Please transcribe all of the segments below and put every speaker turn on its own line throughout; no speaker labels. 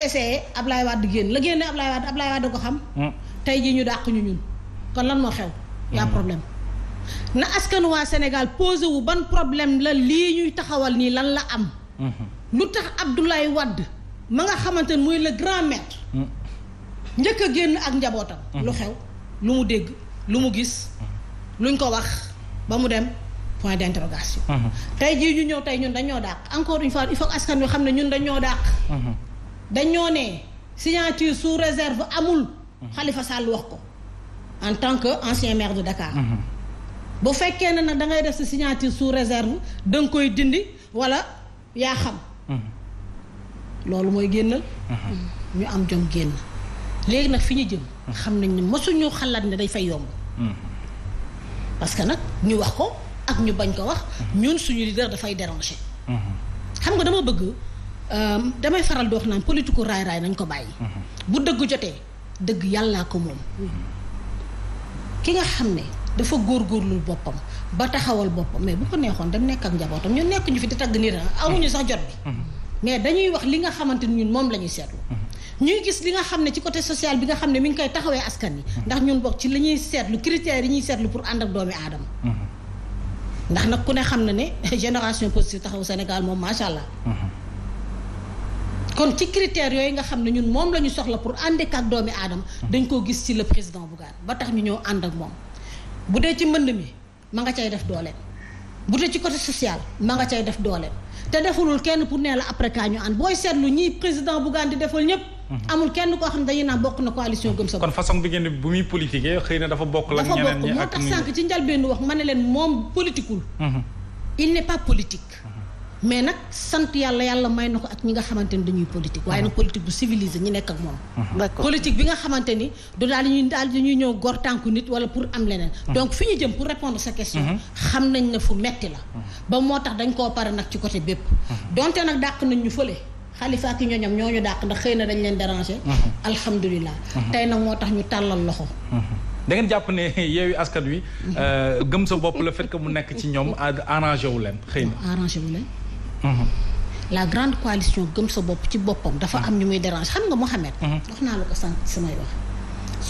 essayé Ablaye Wade génn la génne Ablaye Wade Ablaye Wade ko xam hmm. tey jii ñu dàq ñu ñun kon lan moo xew yaa hmm. problème na askan waa Sénégal posé wu ban problème la lii ñuy taxawal nii lan la am hmm. lu tax Abdoulaye Wade ma nga xamante ne muy le grand maître njëkk a génn ak njabootam lu xew lu mu dégg lu mu gis luñ ko wax ba mu dem point d'interrogation tey jii ñu ñëw tey ñun dañoo dàq encore une fois il faut askan wi xam ne ñun dañoo dàq dañoo ne signature sous réserve amul. xalifa mhm. Sall wax ko en tant que ancien maire de Dakar. Mhm. bu fekkee ne nag da def si signature sous réserve da nga koy dindi wala yaa xam. Mhm. loolu mooy génnal. ñu am jom génn. léegi nag fi ñu jëm. xam nañ ne mosuñu xalaat ni day fay yomb. parce que nag ñu wax ko ak ñu bañ ko wax. ñun suñu leader dafay déranger. xam nga dama bëgg. Euh, damay faral di wax naan politiku raay raay nañ ko bàyyi. Mhm. bu dëgg jotee dëgg yàllaa ko moom. Mhm. ki nga xam ne dafa góor góorgóorlul boppam ba taxawal boppam mais bu ko neexoon dem nekk ak njabootam ñu nekk ñu fi di tagg nit a amuñu sax jot bi. Mhm. mais dañuy wax li nga xamante ni ñun moom la ñuy seetlu. ñuy gis li nga xam ne ci côté social bi nga xam ne mi ngi koy taxawee askan yi ndax ñun bokk ci li ñuy seetlu critères yi ñuy seetlu pour ànd ak doomi aadama. ndax nag ku ne xam na ne génération positive taxaw Sénégal moom macha allah. kon ci critères yooyu nga xam ne ñun moom la soxla pour ànd ak doomi aadama dañ koo gis ci le président Bougane ba tax ñu ñëw ànd ak moom bu dee ci mbënd mi ma nga cay def dooleem bu dee ci côté social ma nga cay def dooleem te defulul kenn pour nee la après kaa ñu ànd booy seetlu ñii président Bougane di defal ñëpp mhm. amul kenn koo xam ne dañuy naa bokk na coalition gëm sa kon
façon bi ngeen bu muy politiquer xëy na dafa bokk la ñeneen ñi ak moo tax sànq
ci njëlbéenu leen moom politikul mhm. il n'est mais nag sant yàlla yàlla may na ko ak ñi nga xamante ni dañuy politique waaye nag politique bu civilisé ñi nekk ak moom politique bi nga xamante ni du daal ñuy daal dañuy ñëw gor tànku nit wala pour am leneen donc fi ñu jëm pour répondre sa question xam nañ ne fu metti la ba moo tax dañ koo pare nag ci ko côté bépp donte nag dàq nañ ñu fële xalifa ak ñooñam ñoo ñu dàq ndax xëy na dañ leen déranger alhamdulilah tey nag moo tax ñu tàllal loxo
da ngeen jàpp ne yeewi askan wi euh, gëm sa bopp le fait que mu nekk ci ñoom arrangé wu leen xëy na
arrangé wu leen la grande coalition gëm sa bopp ci boppam dafa am ñu muy dérange xam nga Mohamed mhm. wax naa la ko sànq samay wax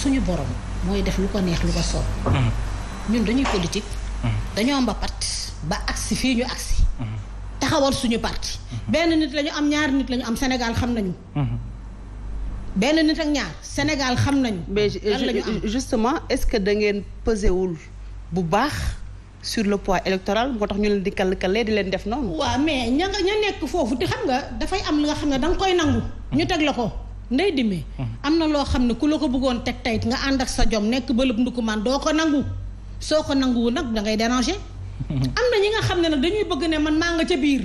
suñu borom mooy def lu ko neex lu ko soob mhm. ñun dañuy politique mhm. dañoo mbapat ba agsi fii ñu agsi taxawal suñu parti benn nit lañu am ñaar nit lañu am Sénégal xam nañu
benn nit ak ñaar Sénégal xam nañu mais justement est-ce que da ngeen pesewul bu baax sur le poids électoral moo tax ñu leen di kàllkale di leen def noonu.
waaw mais ña nga ña nekk foofu te xam nga dafay am li nga xam ne da koy nangu. ñu teg la ko. ndey dimbee am na loo xam ne ku la ko bëggoon teg tayit nga ànd ak sa jom nekk ba lépp ndukumaan doo ko nangu soo ko nangu nanguwu nag da ngay déranger. am na ñi nga xam ne nag dañuy bëgg ne man maa nga ca biir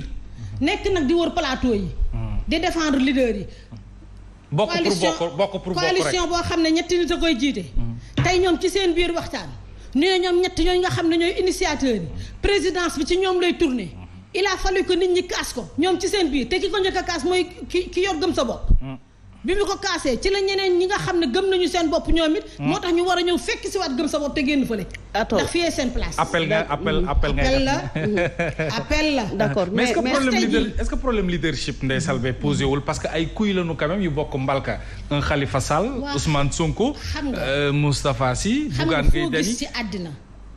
nekk nag di war palaato yi. Mm. di défendre leader yi.
bokk pour bokk pour bokk rek coalition
boo xam ne ñetti nit a koy jiite. Mm. tey ñoom ci seen biir waxtaan. nee ñoom ñett ñooñu nga xam ne ñooy initiateur yi présidence bi ci ñoom lay tourner mm-hmm. il a ko que nit ñi kaas ko ñoom ci seen biir te ki ko njëkk a kaas mooy ki ki yor sa bopp. Mm-hmm. bi mu ko kaasee ci la ñeneen ñi nga xam ne gëm nañu seen bopp ñoom it. Hmm. moo tax ñu war a ñëw fekk si waat gëm sa bopp te génn fële. ndax fiyee seen place. appel nga appel hmm. appel nga appel la
hmm. appel la. d'accord mais est que problème leader est posé wul parce que ay kuy lañu quand même yu bokk Mbalka. un Khalifa Sall. Ousmane Sonko. xam nga euh, Moustapha Sy. Bougane Gueye Dany gis ci àddina.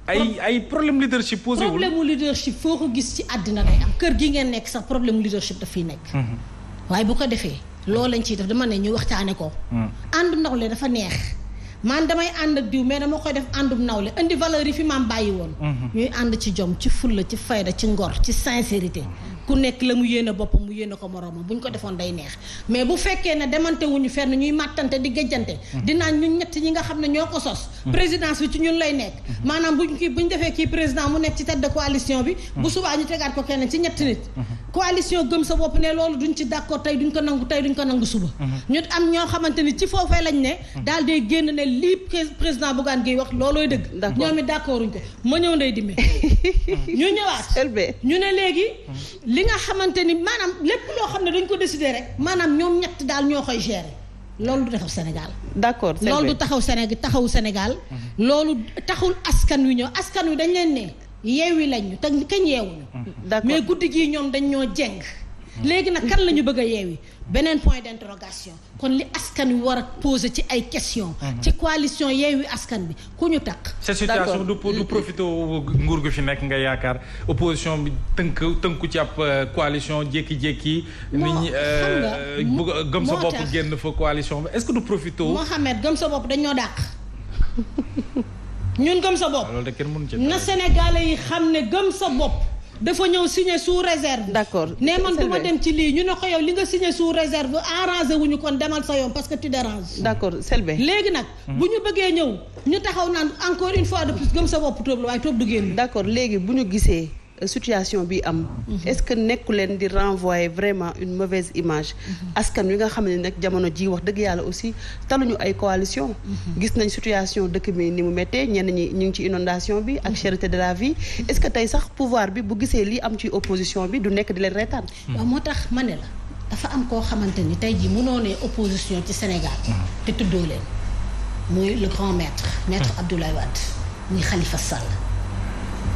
ay ay problème leadership posé wul problème
leadership foo ko gis ci àddina lay am kër gi ngeen nekk sax problème leadership daf fiy
mhm.
bu ko defee loolu lañ ciy def dama ne ñu waxtaane ko. Hmm. àndum nawle dafa neex. man damay ànd ak diw mais dama koy def àndum nawle indi valeur yi fi maam bàyyi woon. Hmm. ñuy ànd ci jom ci fulla ci fayda ci ngor ci sincérité. ku nekk la mu yéene boppam mu yéene ko moroomam bu ñu ko defoon day neex mais bu fekkee ne demante wuñu fenn ñuy màttante mm-hmm. ñi nga xam ne ñoo ko sos mm-hmm. présidence bi ci ñun lay nekk mm-hmm. maanaam buñ kii bu ñu defee président mu nekk ci tête de coalition bi bu subaa ñu tegaat ko kenn ci ñetti nit coalition gëm sa bopp ne tey duñ ko nangu tey duñ ko nangu suba ñu am ñoo daal day génn ne lii président Bougane Gueye wax loolooy dëgg ñoom it d'accorduñ ko ma ñëw ndey dimbee ñu ñëwaat ñu ne léegi li nga xamante ni maanaam lépp loo xam ne dañ ko décider rek maanaam ñoom ñett daal ñoo koy gérer loolu du taxaw Sénégal.
d'accord loolu du
taxaw Sénégal taxaw mhm. Sénégal. loolu taxul askan wi ñëw askan wi dañ leen ne yeewi lañ ñu te kañ yeewuñu. mais guddi gii ñoom dañ ñoo jeng. léegi nag kan la ñu bëgg a yeewi beneen point d'interrogation kon li askan wi war a poser ci ay questions. Mhm. ci coalition yeewi askan bi ku ñu takk.
cette situation du du profité nguur gu fi nekk nga yaakaar opposition bi tënk tënku ci ab euh, coalition jékki-jékki. nit ñi euh, euh, gëm sa bopp génn fa coalition bi est-ce que du profité. Mohamed
gëm sa bopp dañoo dàq.
ñun gëm sa bopp. Ah,
na Sénégalais yi xam ne gëm sa bopp. dafa ñëw signé sous réserve. d'accord ne man du ma dem ci lii ñu ne ko yow li nga signé sous réserve arrangé wu ñu kon demal
sa yoon parce que tu déranges. d'accord Selbé. léegi nag. bu ñu bëggee ñëw ñu taxaw naan encore une fois de plus gëm sa bopp tóob la waaye tóob du génn. d'accord léegi bu ñu gisee. situation bi am. Mhm. est-ce que nekku leen di renvoyer vraiment une mauvaise image. Mhm. askan wi nga xam ne nag jamono ji wax dëgg yàlla aussi ñu ay coalition. Mhm. gis nañ situation dëkk bi ni mu méttee ñenn ñi ñu ngi ci inondation bi ak cherté de la vie. est-ce que tey sax pouvoir bi bu gisee lii am ci opposition bi du nekk di leen reetaan. waaw moo tax ma ne la dafa am koo xamante ni tey jii mënoo ne
opposition ci Sénégal. te tuddoo leen muy le grand maître.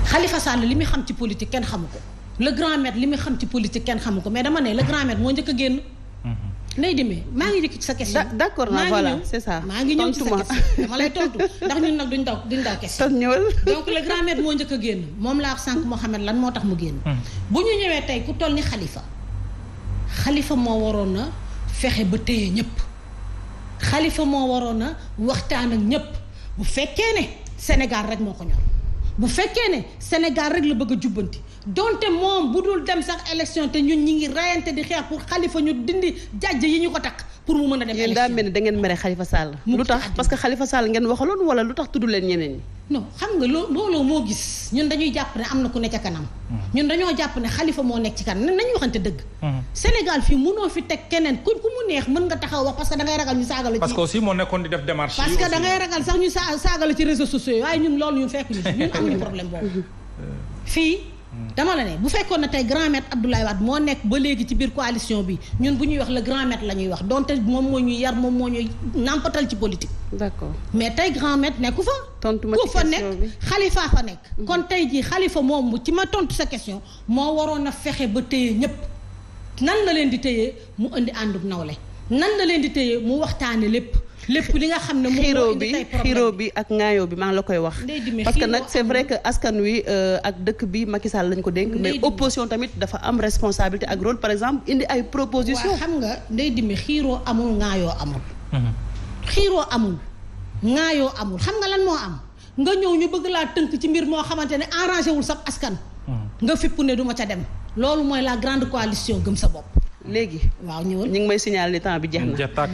xalifa Sall li muy xam ci politique kenn xamu ko le grand maître li muy xam ci politique kenn xamu ko mais dama ne le grand maître moo njëkk a génn. Mhm. nay demee maa ngi dikk ci sa question. d'accord na voilà c'est ça maa ngi ñëw ci sa question dama lay tontu ndax ñun nag duñ daw duñ daw question. donc le grand maître moo njëkk a génn moom laa wax sànq Mouhamed lan moo tax mu génn. Mhm. bu ñu ñëwee tey ku toll ni Khalifa. Khalifa moo waroon na fexe ba téye ñëpp. xalifa moo waroon na waxtaan ak ñëpp bu fekkee ne Sénégal rek moo ko ñor. bu fekkee ne Sénégal rek la bëgg a jubbanti donte moom bu dul
dem sax élection te ñun ñi ngi rayante di xeexu xalifa ñu dindi jàjj yi ñu ko takk pour mu mën a dem élection yéen daa mel ni da ngeen mere Khalifa Sall. lu tax parce que Khalifa ngeen waxaloon wala lu tax tudd leen ñeneen ñi.
non xam nga looloo moo gis ñun dañuy jàpp ne am na ku ne ca kanam. Mm-hmm. ñun jàpp ne Khalifa moo nekk ci kanam nañu waxante dëgg. Mm-hmm. Sénégal fii mënoo fi teg keneen ku ku mu neex mën nga taxaw wax parce que da ngay ragal ñu saagala ci. parce que aussi
moo nekkoon di def démarche. parce ragal
sax ñu saa ci réseaux sociaux waaye ñun loolu ñu fekk ñu si ñun amuñu problème boobu euh. fii Hmm. dama la ne bu fekkoon na tey grand maître Abdoulaye Wade moo nekk ba léegi ci biir coalition bi ñun bu ñuy wax la grand maître la ñuy wax donte moom moo ñuy yar moom moo ñuy nàmpatal ci politique. d'accord mais tey grand maître nekku fa. tontu ma ku fa nekk xalifa fa nekk. kon tey jii xalifa moom ci ma tontu sa question moo waroon a fexe ba téye ñëpp nan la leen di téye mu indi àndub nawle nan la leen di
téye mu waxtaane lépp. lépp li nga xam ne moom xiiroo bi xiiroo bi ak ŋaayoo bi maa la koy wax
parce que nag c'est vrai que
askan wi euh, ak dëkk bi Macky Sall lañ ko dénk mais opposition tamit dafa am responsabilité ak rôle par exemple indi ay proposition xam nga ndey dimbi xiiroo amul
ŋaayoo amul mhm. xiiroo amul ŋaayoo amul xam nga lan moo am nga ñëw ñu bëgg laa tënk ci mbir moo xamante ne arrangé wul sa askan mhm. nga fipp ne du ma ca dem
loolu mooy la grande coalition gëm sa bopp léegi waaw ñëwal ñu ngi may signaler temps bi jeex na